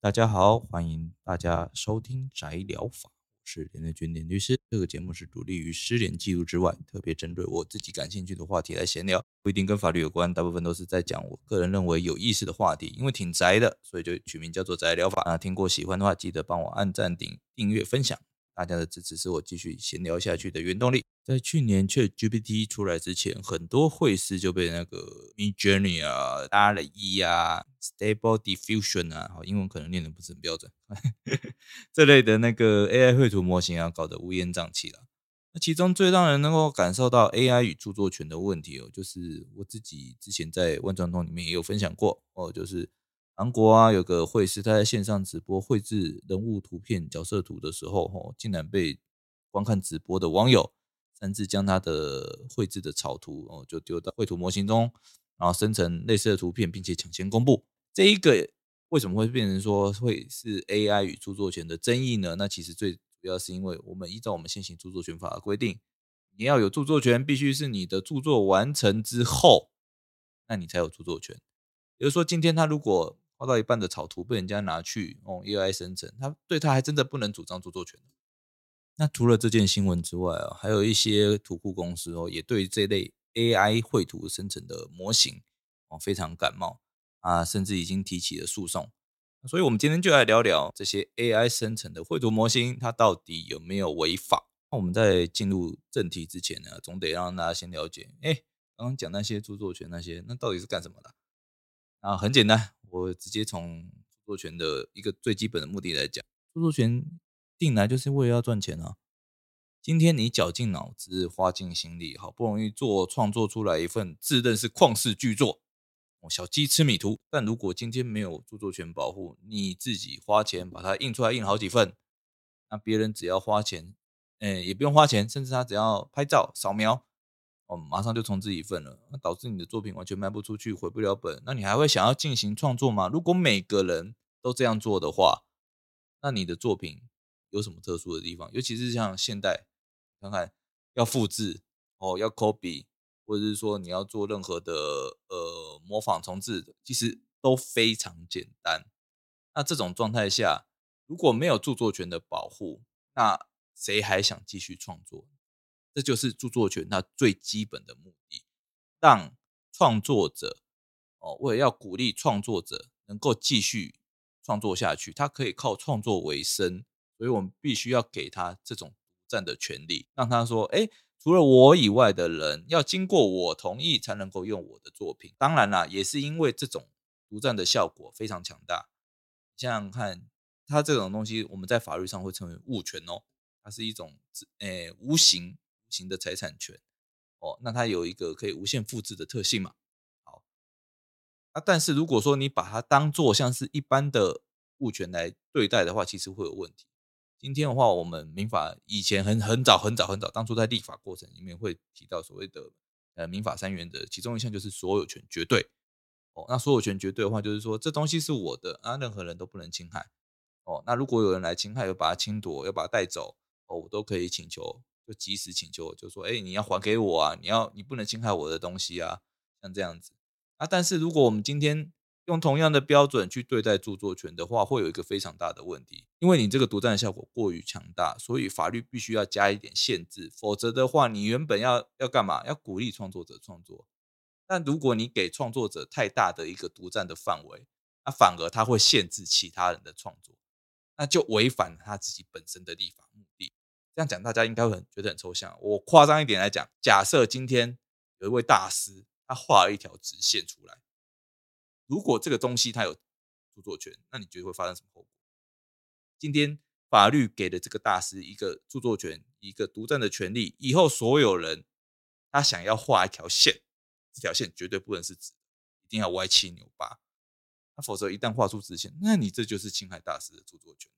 大家好，歡迎大家收聽宅聊法，我是連德軍連律師。這個節目是獨立於失聯記錄之外，特別針對我自己感興趣的話題來閒聊，不一定跟法律有關，大部分都是在講我個人認為有意思的話題。因為挺宅的，所以就取名叫做宅聊法啊。那聽過喜歡的話，記得幫我按讚、頂、訂閱、分享。大家的支持是我繼續閒聊下去的原動力。在去年 ChatGPT 出來之前，很多繪師就被那個 Midjourney 啊、DALL-E 啊、Stable Diffusion 啊，好，英文可能念得不是很標準， 這類的那個 AI 繪圖模型啊，搞得烏煙瘴氣了。那其中最讓人能夠感受到 AI 與著作權的問題哦，就是我自己之前在萬眾通裡面也有分享過哦，就是。韓國啊，有個繪師，他在線上直播繪製人物圖片、角色圖的時候，哦，竟然被觀看直播的網友擅自將他的繪製的草圖，哦，就丟到繪圖模型中，然後生成類似的圖片，並且搶先公布。這一個為什麼會變成說會是 AI 與著作權的爭議呢？那其實最主要是因為我們依照我們現行著作權法的規定，你要有著作權，必須是你的著作完成之後，那你才有著作權。比如說，今天他如果畫到一半的草圖被人家拿去用，哦，AI 生成，他對他還真的不能主張著作權的。那除了這件新聞之外啊，還有一些圖庫公司哦，也對這類 AI 繪圖生成的模型哦非常感冒啊，甚至已經提起了訴訟。所以我們今天就來聊聊這些 AI 生成的繪圖模型，它到底有沒有違法？那我們在進入正題之前呢，總得讓大家先了解，哎，剛剛講那些著作權那些，那到底是幹什麼的？啊，很簡單。我直接從著作權的一個最基本的目的來講，著作權定來就是為了要賺錢啊。今天你絞盡腦汁，花盡心力，好不容易做創作出來一份自認是曠世巨作，哦，小雞吃米圖。但如果今天沒有著作權保護，你自己花錢把它印出來印好幾份，那別人只要花錢，哎，也不用花錢，甚至他只要拍照掃描。哦，馬上就重製一份了，那導致你的作品完全賣不出去，回不了本，那你還會想要進行創作嗎？如果每個人都這樣做的話，那你的作品有什麼特殊的地方？尤其是像現代，看看要複製，哦，要 copy，或者是說你要做任何的呃模仿重製的，其實都非常簡單。那這種狀態下，如果沒有著作權的保護，那誰還想繼續創作？這就是著作權它最基本的目的，讓創作者哦，為了要鼓勵創作者能夠繼續創作下去，他可以靠創作為生，所以我們必須要給他這種獨佔的權利，讓他說：誒除了我以外的人，要經過我同意才能夠用我的作品。當然啦，也是因為這種獨佔的效果非常強大，想想看，他這種東西，我們在法律上會稱為物權哦，它是一種誒無形型的財產權，哦，那它有一個可以無限複製的特性嘛。好，那但是如果說你把它當做像是一般的物權來對待的話，其實會有問題。今天的話，我們民法以前很很早很早很早，當初在立法過程裡面會提到所謂的呃民法三原則，其中一項就是所有權絕對哦，那所有權絕對的話，就是說這東西是我的啊，任何人都不能侵害哦，那如果有人來侵害，要把它侵奪，要把它帶走，哦，我都可以請求。就及時請求，就說：“哎、欸，你要還給我啊！你要，你不能侵害我的東西啊！”像這樣子。啊，但是如果我們今天用同樣的標準去對待著作權的話，會有一個非常大的問題，因為你這個獨占的效果過於強大，所以法律必須要加一點限制。否則的話，你原本要要幹嘛？要鼓勵創作者創作，但如果你給創作者太大的一個獨占的範圍，那、啊、反而他會限制其他人的創作，那就違反他自己本身的立法。這樣講，大家應該會很覺得很抽象。我誇張一點來講，假設今天有一位大師，他畫了一條直線出來。如果這個東西他有著作權，那你覺得會發生什麼後果？今天法律給了這個大師一個著作權，一個獨占的權利。以後所有人他想要畫一條線，這條線絕對不能是直的，一定要歪七扭八。那否則一旦畫出直線，那你這就是侵害大師的著作權。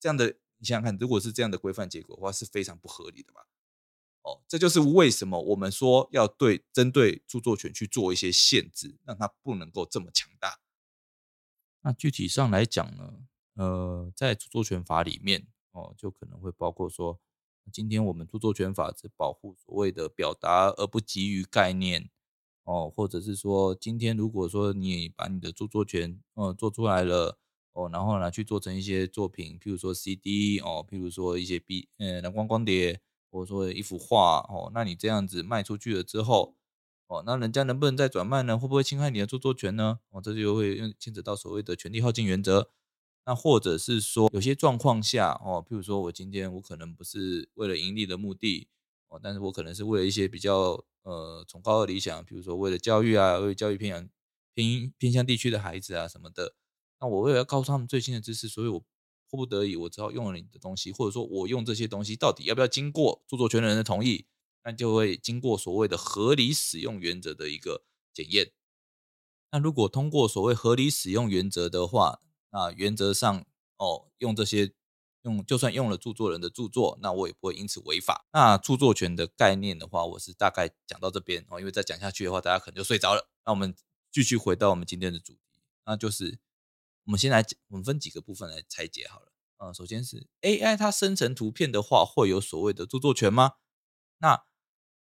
這樣的。你想想看，如果是這樣的規範結果的話，是非常不合理的吧。哦，這就是為什麼我們說要對針對著作權去做一些限制，讓它不能夠這麼強大。那具體上來講呢，呃，在著作權法裡面，哦，就可能會包括說，今天我們著作權法只保護所謂的表達，而不及於概念。哦，或者是說，今天如果說你把你的著作權，嗯、呃，做出來了。哦，然後呢，拿去做成一些作品，譬如說 CD 哦，譬如說一些 B 嗯、呃、藍光光碟，或者說一幅畫哦，那你這樣子賣出去了之後，哦，那人家能不能再轉賣呢？會不會侵害你的著作權呢？哦，這就會牽扯到所謂的權利耗盡原則。那或者是說，有些狀況下哦，譬如說我今天我可能不是為了盈利的目的哦，但是我可能是為了一些比較呃崇高的理想，譬如說為了教育啊，為了教育偏向偏偏向地區的孩子啊什麼的。那我為了要告訴他們最新的知識，所以我迫不得已，我只好用了你的東西，或者說，我用這些東西到底要不要經過著作權的人的同意？那就會經過所謂的合理使用原則的一個檢驗。那如果通過所謂合理使用原則的話，那原則上哦，用這些用就算用了著作人的著作，那我也不會因此違法。那著作權的概念的話，我是大概講到這邊哦，因為再講下去的話，大家可能就睡着了。那我們繼續回到我們今天的主題，那就是。我們先來，我們分幾個部分來拆解好了。嗯，首先是 AI 它生成圖片的話，會有所謂的著作權嗎？那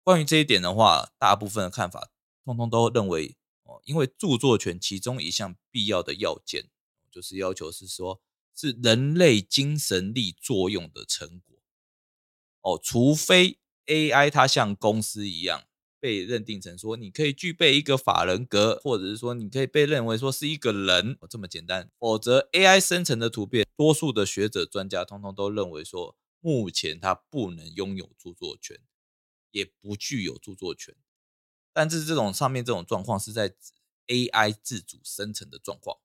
關於這一點的話，大部分的看法，通通都認為哦，因為著作權其中一項必要的要件，就是要求是說，是人類精神力作用的成果。哦，除非 AI 它像公司一樣。被認定成說，你可以具備一個法人格，或者是說你可以被認為說是一個人，這麼簡單。否則，AI 生成的圖片，多數的學者專家通通都認為說，目前它不能擁有著作權，也不具有著作權。但是這種上面這種狀況是在 AI 自主生成的狀況，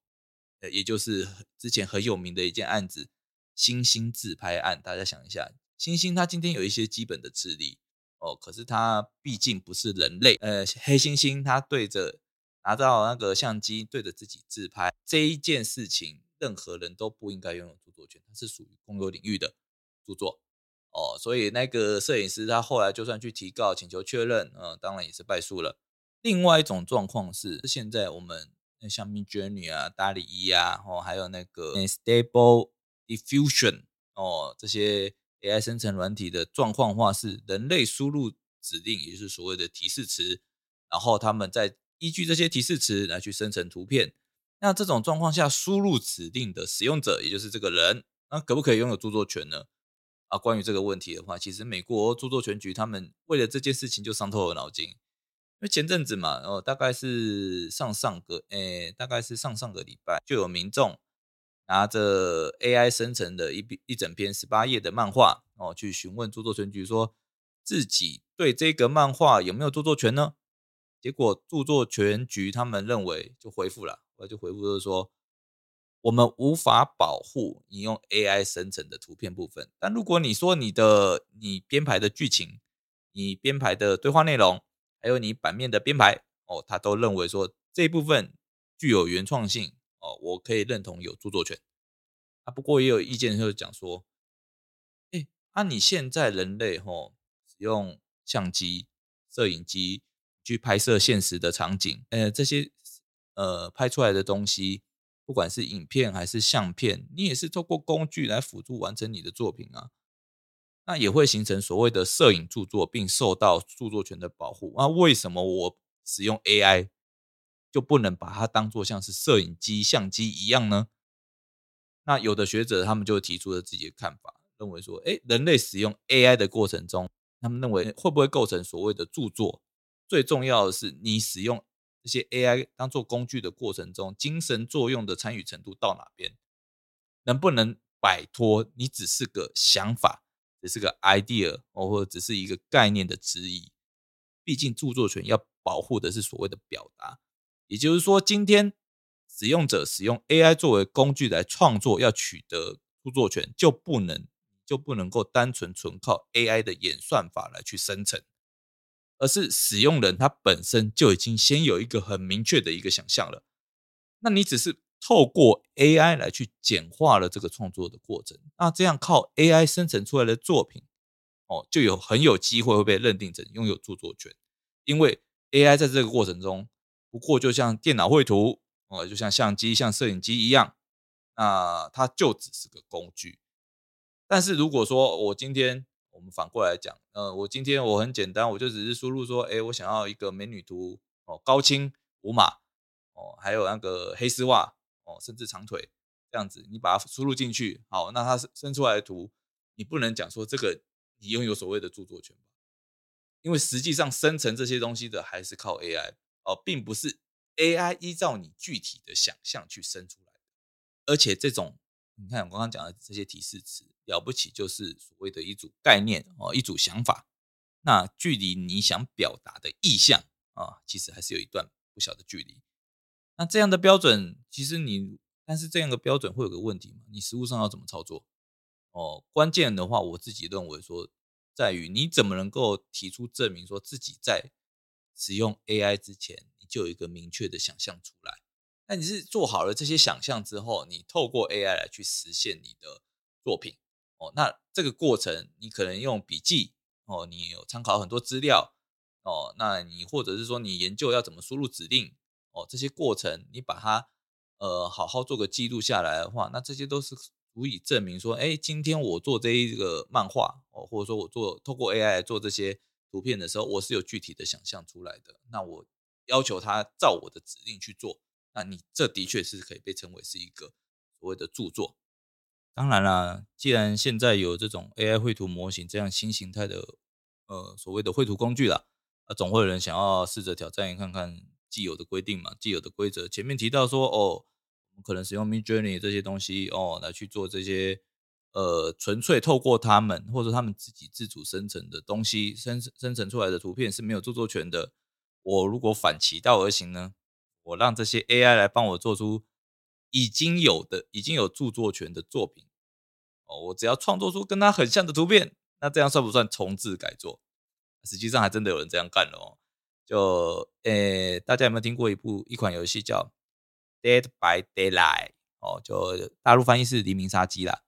也就是之前很有名的一件案子——猩猩自拍案。大家想一下，猩猩它今天有一些基本的智力。哦，可是他畢竟不是人類，呃，黑猩猩他對着拿到那個相機對着自己自拍這一件事情，任何人都不應該擁有著作權，它是屬於公有領域的著作。哦，所以那個攝影師他後來就算去提告請求確認，呃，當然也是敗訴了。另外一種狀況是，現在我們像 Midjourney 啊、DALL-E 啊，哦，還有那個 Stable Diffusion 哦，這些。AI 生成軟體的狀況話是人類輸入指令，也就是所謂的提示詞，然後他們再依據這些提示詞來去生成圖片。那這種狀況下，輸入指令的使用者，也就是這個人，那、啊、可不可以擁有著作權呢？啊，關於這個問題的話，其實美國著作權局他們為了這件事情就傷透了腦筋。因為前陣子嘛，然後、哦、大概是上上個，誒、欸，大概是上上個禮拜就有民眾。拿着 AI 生成的一一整篇十八頁的漫畫，哦，去詢問著作權局，說自己對這個漫畫有沒有著作權呢？結果著作權局他們認為，就回復了，後來就回復就是說，我們無法保護你用 AI 生成的圖片部分，但如果你說你的你編排的劇情、你編排的對話內容，還有你版面的編排，哦，他都認為說這一部分具有原創性。哦，我可以認同有著作權，啊，不過也有意見就講說，誒、欸，那、啊、你現在人類吼使用相機、攝影機去拍攝現實的場景，呃，這些呃拍出來的東西，不管是影片還是相片，你也是透過工具來輔助完成你的作品啊，那也會形成所謂的攝影著作，並受到著作權的保護。那、啊、為什麼我使用 AI？就不能把它當做像是攝影機、相機一樣呢？那有的學者他們就提出了自己的看法，認為說，哎、欸，人類使用 AI 的過程中，他們認為會不會構成所謂的著作？欸，最重要的是，你使用這些 AI 當做工具的過程中，精神作用的參與程度到哪邊？能不能擺脫你只是個想法，只是個 idea，哦，或者只是一個概念的質疑？畢竟，著作權要保護的是所謂的表達。也就是說，今天使用者使用 AI 作為工具來創作，要取得著作權，就不能就不能夠單純純靠 AI 的演算法來去生成，而是使用人他本身就已經先有一個很明確的一個想象了。那你只是透過 AI 來去簡化了這個創作的過程，那這樣靠 AI 生成出來的作品，哦，就有很有機會會被認定成擁有著作權，因為 AI 在這個過程中。不過，就像電腦繪圖，哦、呃，就像相機、像攝影機一樣，那它就只是個工具。但是如果說我今天我們反過來講，呃，我今天我很簡單，我就只是輸入說，誒，我想要一個美女圖，哦，高清、無碼，哦，還有那個黑絲襪，哦，甚至長腿這樣子，你把它輸入進去，好，那它生出來的圖，你不能講說這個你擁有所謂的著作權，因為實際上生成這些東西的還是靠 AI。哦，並不是 AI 依照你具體的想象去生出來的，而且這種你看我剛剛講的這些提示詞，了不起就是所謂的一組概念哦，一組想法，那距離你想表達的意象啊，其實還是有一段不小的距離。那這樣的標準，其實你但是這樣的標準會有個問題嘛，你實務上要怎麼操作？哦，關鍵的話，我自己認為說，在於你怎麼能夠提出證明，說自己在使用 AI 之前，你就有一個明確的想象出來。那你是做好了這些想象之後，你透過 AI 來去實現你的作品哦。那這個過程，你可能用筆記哦，你有參考很多資料哦。那你或者是說你研究要怎麼輸入指令哦，這些過程你把它呃好好做個記錄下來的話，那這些都是足以證明說，哎、欸，今天我做這一個漫畫哦，或者說我做透過 AI 來做這些。圖片的時候，我是有具體的想象出來的。那我要求他照我的指令去做。那你這的確是可以被稱為是一個所謂的著作。當然啦，既然現在有這種 AI 繪圖模型這樣新形態的呃所謂的繪圖工具了，那、啊、總會有人想要試着挑戰一看看既有的規定嘛，既有的規則。前面提到說，哦，可能使用 Midjourney 這些東西哦，來去做這些。呃，純粹透過他們，或者他們自己自主生成的東西，生生成出來的圖片是沒有著作權的。我如果反其道而行呢？我讓這些 AI 來幫我做出已經有的、已經有著作權的作品哦。我只要創作出跟它很像的圖片，那這樣算不算重製改作？實際上還真的有人這樣幹了哦。就誒，大家有沒有聽過一部一款遊戲叫《Dead by Daylight》哦？就大陸翻譯是《黎明殺機》啦。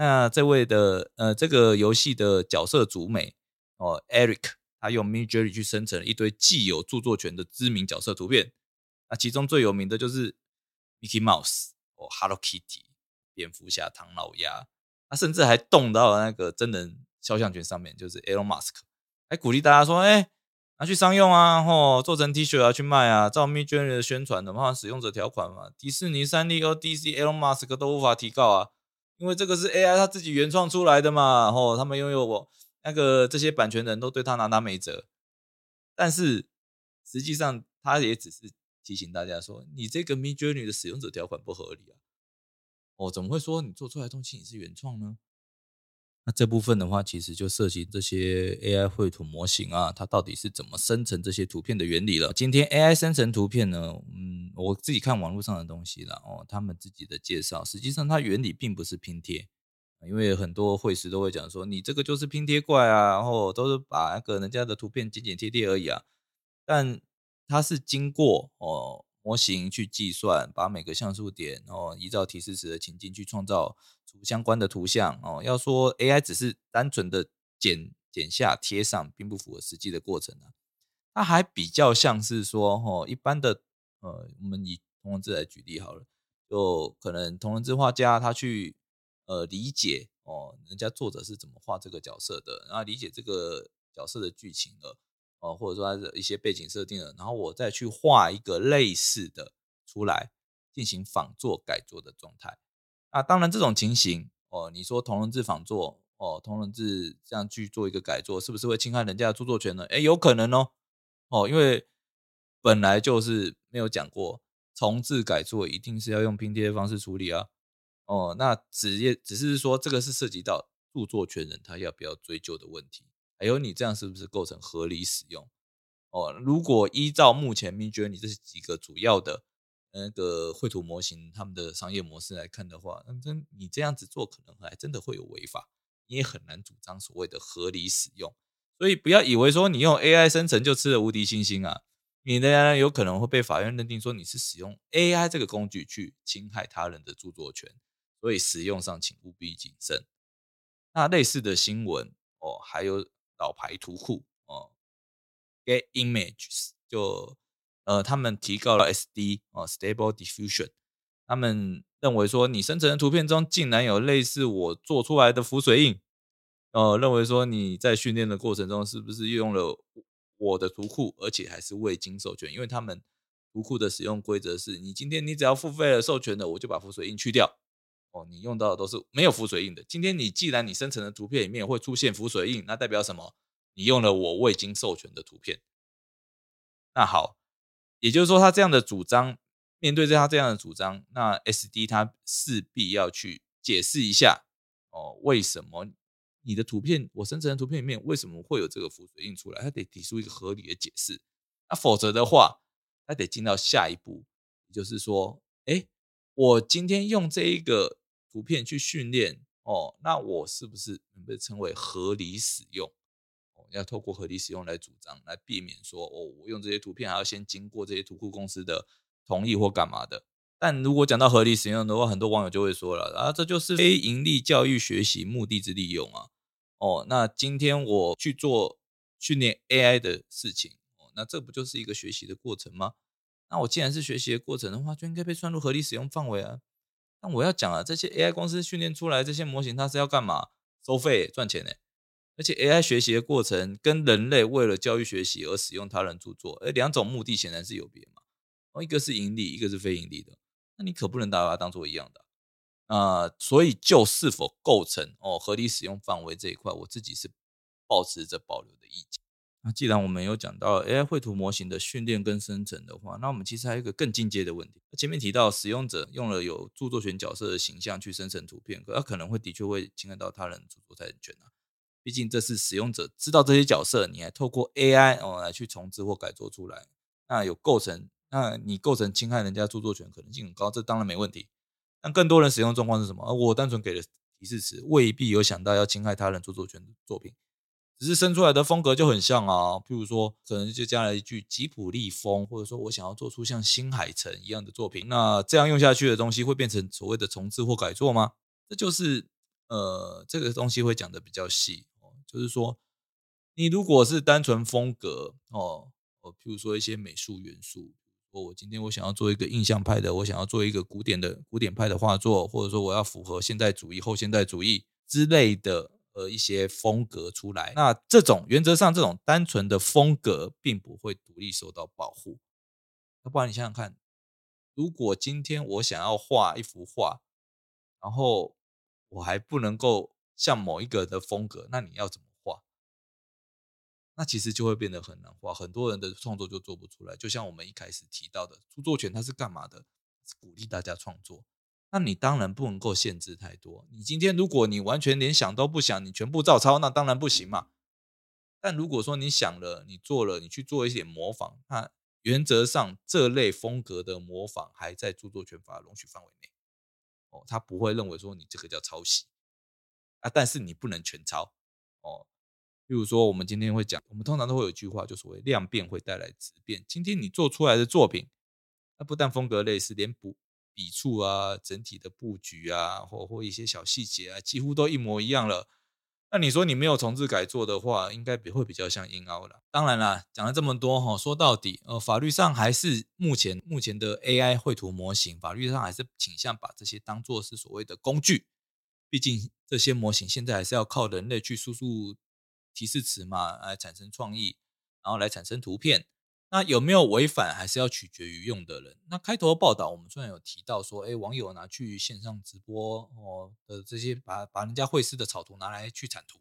那這位的呃，這個遊戲的角色主美哦，Eric，他用 Midjourney 去生成一堆既有著作權的知名角色圖片。那、啊、其中最有名的就是 Mickey Mouse，哦，Hello Kitty，蝙蝠俠，唐老鴨。他、啊、甚至還動到了那個真人肖像權上面，就是 Elon Musk，還鼓勵大家說，誒拿去商用啊，或、哦、做成 T 恤要、啊、去賣啊，照 Midjourney 的宣傳的話，使用者條款嘛、啊，迪士尼、三麗鷗、DC、Elon Musk 都無法提告啊。因為這個是 AI 他自己原創出來的嘛，然後，哦，他們擁有我那個這些版權人都對他拿拿沒轍，但是實際上他也只是提醒大家說，你這個 Midjourney 的使用者條款不合理啊，哦，怎麼會說你做出來的東西你是原創呢？那這部分的話，其實就涉及這些 AI 繪圖模型啊，它到底是怎麼生成這些圖片的原理了。今天 AI 生成圖片呢，嗯，我自己看網絡上的東西啦，哦，他們自己的介紹，實際上它原理並不是拼貼，因為很多繪師都會講說，你這個就是拼貼怪啊，然後都是把那個人家的圖片剪剪貼貼而已啊，但它是經過哦。模型去計算，把每個像素點，然後依照提示詞的情境去創造出相關的圖像。哦，要說 AI 只是單純的剪剪下貼上，並不符合實際的過程啊。它還比較像是說，哦，一般的，呃，我們以同人志來舉例好了，就可能同人志畫家他去呃理解哦，人家作者是怎麼畫這個角色的，然後理解這個角色的劇情的。哦，或者說它的一些背景設定了，然後我再去畫一個類似的出來，進行仿作改作的狀態。啊，當然這種情形，哦，你說同人誌仿作，哦，同人誌這樣去做一個改作，是不是會侵害人家的著作權呢？哎，有可能哦，哦，因為本來就是沒有講過重製改作一定是要用拼貼的方式處理啊。哦，那只也只是說這個是涉及到著作權人他要不要追究的問題。還有你這樣是不是構成合理使用？哦，如果依照目前明決，你這是幾個主要的那個繪圖模型他們的商業模式來看的話，那真你這樣子做可能還真的會有違法，你也很難主張所謂的合理使用。所以不要以為說你用 AI 生成就吃了無敵星星啊，你仍然有可能會被法院認定說你是使用 AI 這個工具去侵害他人的著作權。所以使用上請務必謹慎。那類似的新聞哦，還有。老牌圖庫哦，Getty Images 就，呃，他們提告了 SD 哦，Stable Diffusion，他們認為說，你生成的圖片中竟然有類似我做出來的浮水印，呃，認為說，你在訓練的過程中是不是用了我的圖庫，而且還是未經授權，因為他們圖庫的使用規則是你今天你只要付費了授權的，我就把浮水印去掉。哦，你用到的都是沒有浮水印的。今天你既然你生成的圖片裡面會出現浮水印，那代表什麼？你用了我未經授權的圖片。那好，也就是說他這樣的主張，面對着他這樣的主張，那 SD 他勢必要去解釋一下哦，為什麼你的圖片我生成的圖片裡面為什麼會有這個浮水印出來？他得提出一個合理的解釋。那否則的話，他得進到下一步，就是說，哎，我今天用這一個。圖片去訓練哦，那我是不是能被稱為合理使用？哦，要透過合理使用來主張，來避免說，哦，我用這些圖片還要先經過這些圖庫公司的同意或幹嘛的？但如果講到合理使用的話，很多網友就會說了啊，這就是非營利教育學習目的之利用啊。哦，那今天我去做訓練 AI 的事情，哦，那這不就是一個學習的過程嗎？那我既然是學習的過程的話，就應該被算入合理使用範圍啊。但我要講啊，這些 AI 公司訓練出來這些模型，它是要幹嘛？收費、欸、賺錢呢、欸？而且 AI 學習的過程跟人類為了教育學習而使用他人著作，而、欸、兩種目的顯然是有別嘛。哦，一個是盈利，一個是非盈利的。那你可不能把它當做一樣的啊。啊、呃，所以就是否構成哦合理使用範圍這一塊，我自己是保持着保留的意見。那既然我們有講到 AI 繪圖模型的訓練跟生成的話，那我們其實還有一個更進階的問題。前面提到，使用者用了有著作權角色的形象去生成圖片，那可,可能會的確會侵害到他人著作權啊。畢竟這是使用者知道這些角色，你還透過 AI 哦來去重製或改作出來，那有構成，那你構成侵害人家著作權可能性很高，這當然沒問題。但更多人使用狀況是什麼？我單純給的提示詞，未必有想到要侵害他人著作權的作品。只是生出來的風格就很像啊、哦，譬如說，可能就加了一句吉普力風，或者說我想要做出像新海誠一樣的作品，那這樣用下去的東西會變成所謂的重製或改作嗎？這就是呃，這個東西會講得比較細哦，就是說，你如果是單純風格哦，哦，譬如說一些美術元素，我今天我想要做一個印象派的，我想要做一個古典的古典派的畫作，或者說我要符合現代主義、後現代主義之類的。的一些風格出來，那這種原則上這種單純的風格並不會獨立受到保護。要不然你想想看，如果今天我想要畫一幅畫，然後我還不能夠像某一個的風格，那你要怎麼畫？那其實就會變得很難畫，很多人的創作就做不出來。就像我們一開始提到的，著作權它是幹嘛的？是鼓勵大家創作。那你當然不能夠限制太多。你今天如果你完全連想都不想，你全部照抄，那當然不行嘛。但如果說你想了，你做了，你去做一些模仿，那原則上這類風格的模仿還在著作權法的容許範圍內。哦，他不會認為說你這個叫抄襲啊。但是你不能全抄哦。比如說，我們今天會講，我們通常都會有一句話，就所謂量變會帶來質變。今天你做出來的作品，那不但風格類似，連不，筆觸啊，整體的布局啊，或或一些小細節啊，幾乎都一模一樣了。那你說你沒有重製改作的話，應該會比會比較像硬凹了。當然啦，講了這麼多哈，說到底，呃，法律上還是目前目前的 AI 繪圖模型，法律上還是傾向把這些當做是所謂的工具。畢竟這些模型現在還是要靠人類去輸出提示詞嘛，來產生創意，然後來產生圖片。那有沒有違反，還是要取決於用的人。那開頭的報道我們雖然有提到說，哎、欸，網友拿去線上直播哦，呃，這些把把人家繪師的草圖拿來去產圖。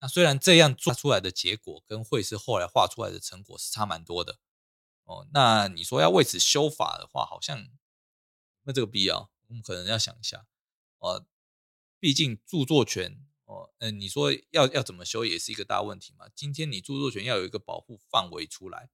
那雖然這樣做出來的結果跟繪師後來畫出來的成果是差蠻多的哦。那你說要為此修法的話，好像沒這個必要。我們可能要想一下，呃、哦，畢竟著作權哦，嗯、呃，你說要要怎麼修，也是一個大問題嘛。今天你著作權要有一個保護範圍出來。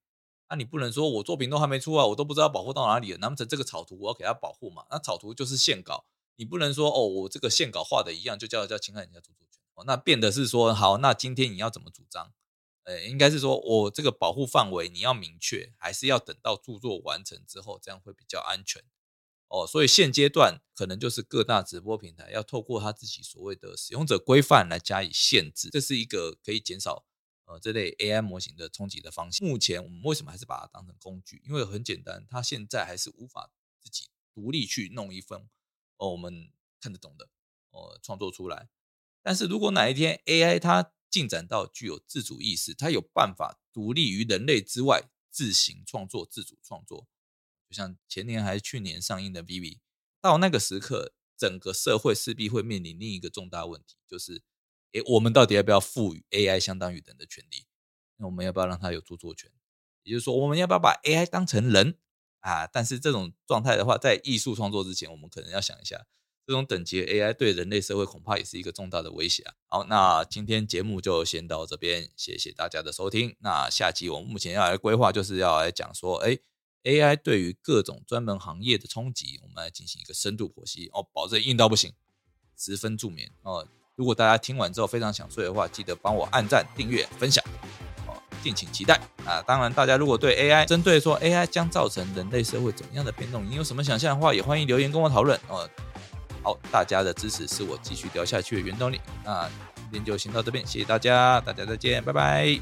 那、啊、你不能說我作品都還沒出啊，我都不知道保護到哪裡了。難不成這個草圖我要給他保護嘛？那草圖就是線稿，你不能說哦，我這個線稿畫的一樣就叫叫侵害人家著作權哦。那變的是說，好，那今天你要怎麼主張？呃、哎，應該是說我這個保護範圍你要明確，還是要等到著作完成之後，這樣會比較安全哦。所以現階段可能就是各大直播平台要透過他自己所謂的使用者規範來加以限制，這是一個可以減少。呃，這類 AI 模型的衝擊的方向，目前我們為什麼還是把它當成工具？因為很簡單，它現在還是無法自己獨立去弄一份哦，我們看得懂的哦，創作出來。但是如果哪一天 AI 它進展到具有自主意識，它有辦法獨立於人類之外自行創作、自主創作，就像前年還是去年上映的《Vivi》。到那個時刻，整個社會勢必會面臨另一個重大問題，就是。哎、欸，我們到底要不要賦予 AI 相當於人的權利？那我們要不要讓它有著作權？也就是說，我們要不要把 AI 當成人啊？但是這種狀態的話，在藝術創作之前，我們可能要想一下，這種等級的 AI 對人類社會恐怕也是一個重大的威脅啊。好，那今天節目就先到這邊，謝謝大家的收聽。那下集我們目前要來規劃，就是要來講說，哎、欸，AI 對於各種專門行業的衝擊，我們來進行一個深度剖析哦，保證硬到不行，十分助眠哦。如果大家聽完之後非常想睡的話，記得幫我按讚、訂閱、分享，哦，敬請期待。啊，當然，大家如果對 AI，針對說 AI 將造成人類社會怎麼樣的變動，你有什麼想象的話，也歡迎留言跟我討論。哦，好，大家的支持是我繼續聊下去的原動力。那今天就先到這邊，謝謝大家，大家再見，拜拜。